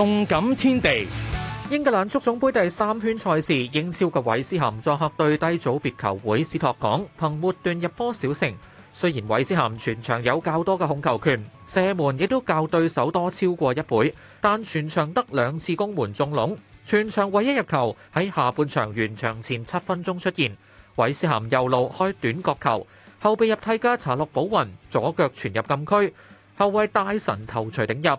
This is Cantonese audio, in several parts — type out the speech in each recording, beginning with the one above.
動感天地，英格蘭足總盃第三圈賽事，英超嘅韋斯咸作客對低組別球會史托港，憑末段入波小勝。雖然韋斯咸全場有較多嘅控球權，射門亦都較對手多超過一倍，但全場得兩次攻門中籠。全場唯一入球喺下半場完場前七分鐘出現，韋斯咸右路開短角球，後備入替加查洛保雲左腳傳入禁區，後衛大神頭錘頂入。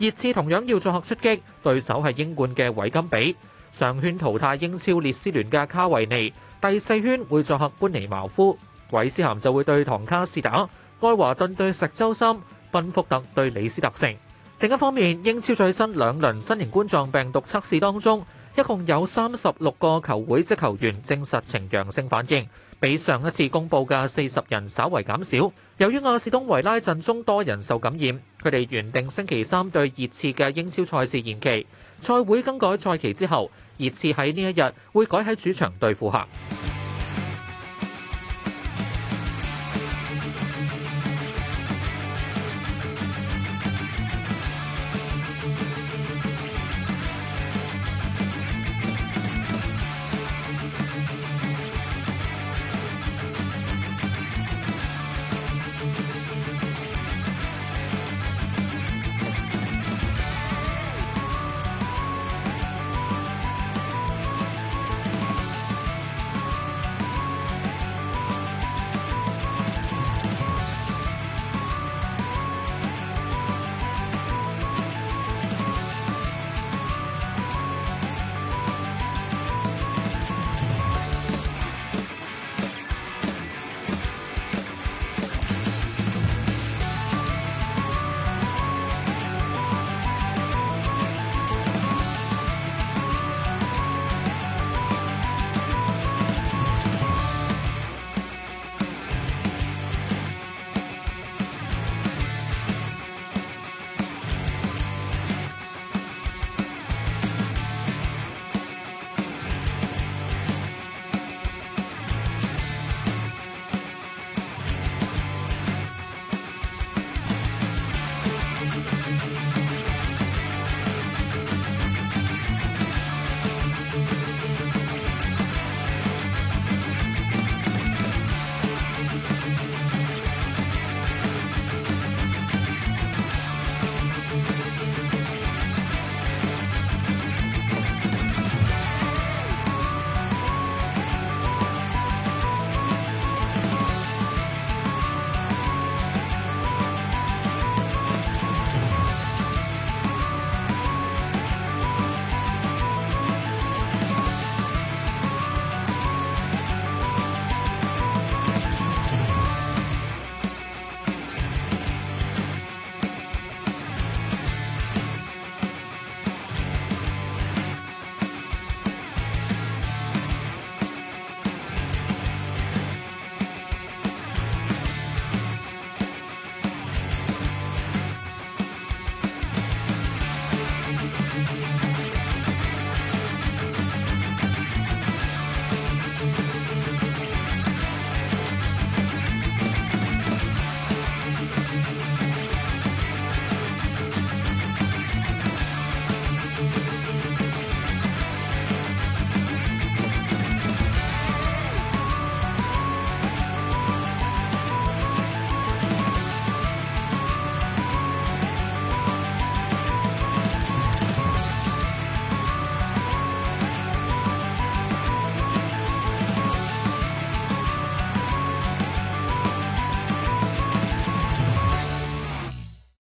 熱刺同樣要作客出擊，對手係英冠嘅韋金比。上圈淘汰英超列斯聯嘅卡維尼，第四圈會作客班尼茅夫。韋斯咸就會對唐卡士打，愛華頓對石洲森，賓福特對李斯特城。另一方面，英超最新兩輪新型冠狀病毒測試當中，一共有三十六個球會職球員證實呈陽性反應，比上一次公佈嘅四十人稍為減少。由於亞士東維拉陣中多人受感染，佢哋原定星期三對熱刺嘅英超賽事延期。賽會更改賽期之後，熱刺喺呢一日會改喺主場對富咸。